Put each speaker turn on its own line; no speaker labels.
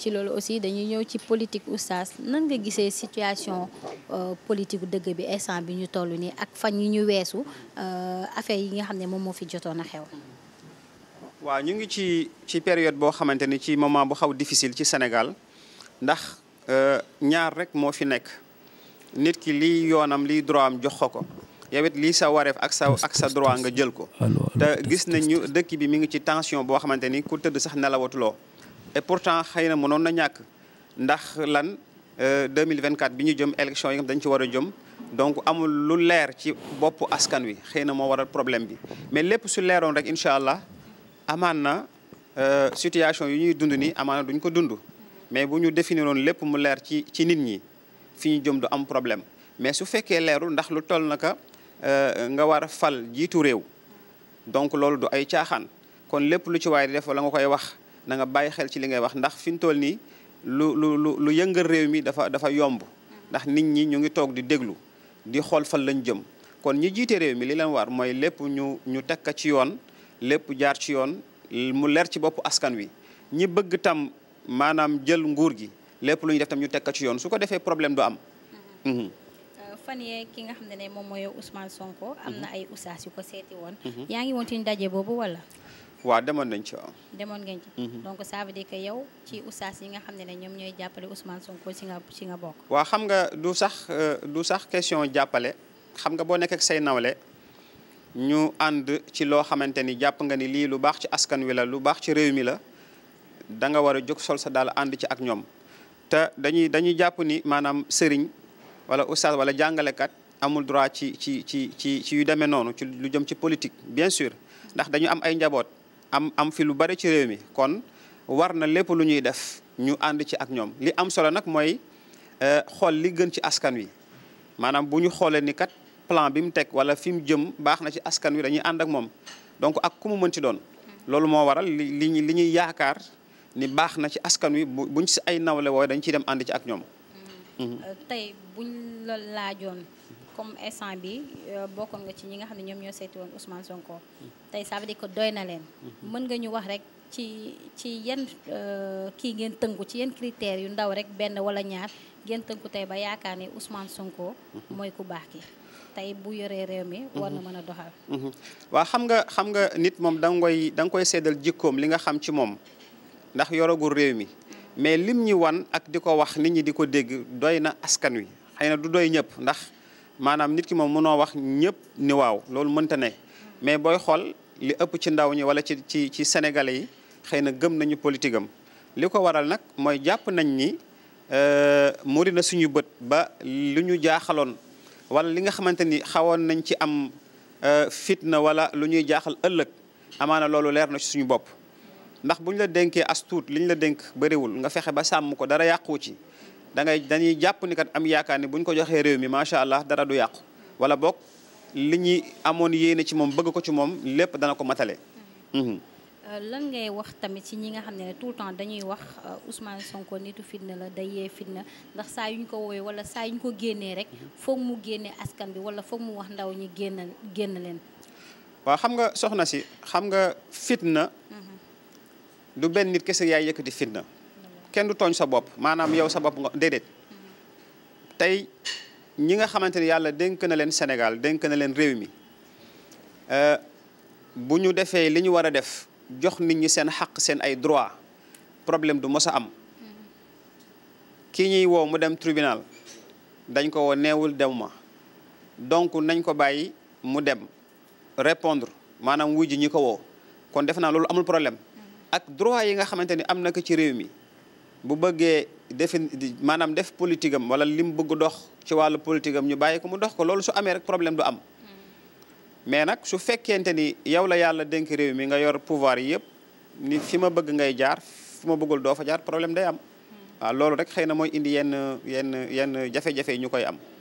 ci loolu aussi dañuy ñëw ci politique oustaz nan nga gisee situation euh, politique dëgg bi instant bi ñu toll nii ak fan yi ñu weesu euh, affaire yi nga xam ne moom moo fi jotoon na xew.
waaw ñu ngi ci ci période boo xamante ni ci moment bu xaw difficile ci Sénégal ndax euh, ñaar rek moo fi nekk nit ki lii yoonam lii droit am jox ko ko. yow lii sa wareef ak sa ak sa droit nga jël ko te gis nañu dëkk bi mu ngi ci tension boo xamante ni ku tëdd sax nelawatuloo et pourtant xëy na mënoon na ñàkk ndax lan 2024 euh, bi ñu jëm élection yi nga dañ ci war a jëm donc amul lu leer ci bopp askan wi xëy na moo waral problème bi mais lépp su leeroon rek incha allah amaan na euh, situation yu ñuy dund nii amaana duñ ko dund mais bu ñu définiroon lépp mu leer ci ci nit ñi fi ñu jëm du am problème mais su fekkee leerul ndax lu toll naka euh, nga war a fal jiitu réew donc loolu du ay caaxaan kon lépp lu ci waay di def wala nga koy wax na nga bàyyi xel ci li ngay wax ndax fi mu toll nii lu lu lu lu yëngal réew mi dafa dafa yomb ndax nit ñi ñu ngi toog di déglu di xool fan lañ jëm kon ñi jiite réew mi li leen war mooy lépp ñu ñu teg ci yoon lépp jaar ci yoon mu leer ci boppu askan wi ñi bëgg tam maanaam jël nguur gi lépp lu ñu def tam ñu teg ci yoon su ko defee problème du am. Mm-hmm. Mm-hmm.
Euh, fan yee ki nga xam ne moom mooy Ousmane Sonko. am na mm-hmm. ay oustaz yu ko seeti woon. yaa ngi woon daje boobu wala.
waaw demoon nañ ci waaw. demoon ngeen ci. Mhm. donc
ça veut dire que yow ci oustaz yi nga xam ne ne ñoom ñooy jàppale Ousmane Sonko si nga si nga
xam nga du sax euh, du sax question jàppale xam nga boo nekk ak say ñu ànd ci loo xamante ni jàpp nga ni lii lu baax ci askan wi la lu baax ci réew mi la da nga war a jóg sol sa daal ànd ci ak ñoom te dañuy dañuy jàpp ni maanaam sëriñ wala oustaz wala jàngalekat. amul droit ci ci ci ci ci demee noonu ci lu jëm ci politique bien sûr ndax dañu am ay njaboot am am fi lu bari ci réew mi kon war na lépp lu ñuy def ñu ànd ci ak ñoom li am solo nag mooy euh, xool li gën ci askan wi maanaam bu ñu xoolee ni kat plan bi mu teg wala fi mu jëm baax na ci askan wi dañuy ànd ak moom donc ak ku mu mën ci doon. loolu moo waral li li li ñuy yaakaar ni baax na ci askan wi buñ si ay nawle wooy dañ ciy dem ànd ci ak ñoom. Mm-hmm. Mm-hmm.
Euh, tey buñ la laajoon. comme instant bi euh, bokkoon nga ci ñi nga xam ne ñoom ñoo seeti woon Ousmane Sonko tey ça veut dire doy na leen mën nga ñu wax rek ci ci yan euh, kii ngeen tënku ci yan critères yu ndaw rek benn wala ñaar ngeen tënku tey ba yaakaar ni Ousmane Sonko mooy ku baax ki tey bu yoree réew mi war na mën a doxal
waaw xam nga xam nga nit moom da koy da nga koy seddal jikkoom li nga xam ci moom ndax yoragul réew mi mais lim ñi wan ak di ko wax nit ñi di ko dégg doy na askan wi du doy ñëpp ndax maanaam nit ki moom mënoo wax ñëpp ni waaw loolu mënta ne mais booy xool li ëpp ci ndaw ñi wala ci ci ci sénégalais yi xëy na gëm nañu politique am li ko waral nag mooy jàpp nañ ni euh, muri na suñu bët ba lu ñu jaaxaloon wala li nga xamante ni xawoon nañ ci am euh, fitna wala lu ñuy jaaxal ëllëg amaana loolu leer na ci suñu bopp ndax bu la denkee as tuut li ñu la dénk bëriwul nga fexe ba sàmm ko dara yàqu ci da ngay dañuy jàpp ni kat am yaakaar ni bu ñu ko joxee réew mi macha allah dara du yàqu wala boog li ñuy amoon yéene ci moom bëgg ko ci moom lépp dana ko matale. Mm-hmm. Mm-hmm.
Euh, lan ngay wax tamit ci ñi nga xam ne tout le temps dañuy wax euh, Ousmane Sonko nitu fitna la day yee fitna ndax saa yu ñu ko woowee wala saa yu ko génnee rek mm-hmm. foog mu génnee askan bi wala foog mu wax ndaw ñi génn génn leen.
waaw xam nga soxna si xam nga fitna. du benn nit kese yaay yëkkati fitna. kenn du tooñ sa bopp maanaam yow sa bopp nga déedéet tey ñi nga xamante ni yàlla dénk na leen Sénégal dénk na leen réew mi euh, bu ñu defee li ñu war a def jox nit ñi seen xaq seen ay droit problème du mos a am kii ñuy woo mu dem tribunal dañ ko woo neewul dem ma donc nañ ko bàyyi mu dem répondre maanaam wuj ji ñi ko woo kon def naa loolu amul problème ak droit yi nga xamante ni am na ko ci réew mi bu bëggee defi maanaam def politique am wala li mu bëgg dox ci wàllu politique am ñu bàyyi ko mu dox ko loolu su amee rek problème du am. mais nag su fekkente ni yow la yàlla dénk réew mi nga yor pouvoir yi yëpp ni fi ma bëgg ngay jaar fi ma bëggul doo fa jaar problème day am. Hmm. waaw loolu rek xëy na mooy indi yenn yenn yenn jafe-jafe ñu koy am.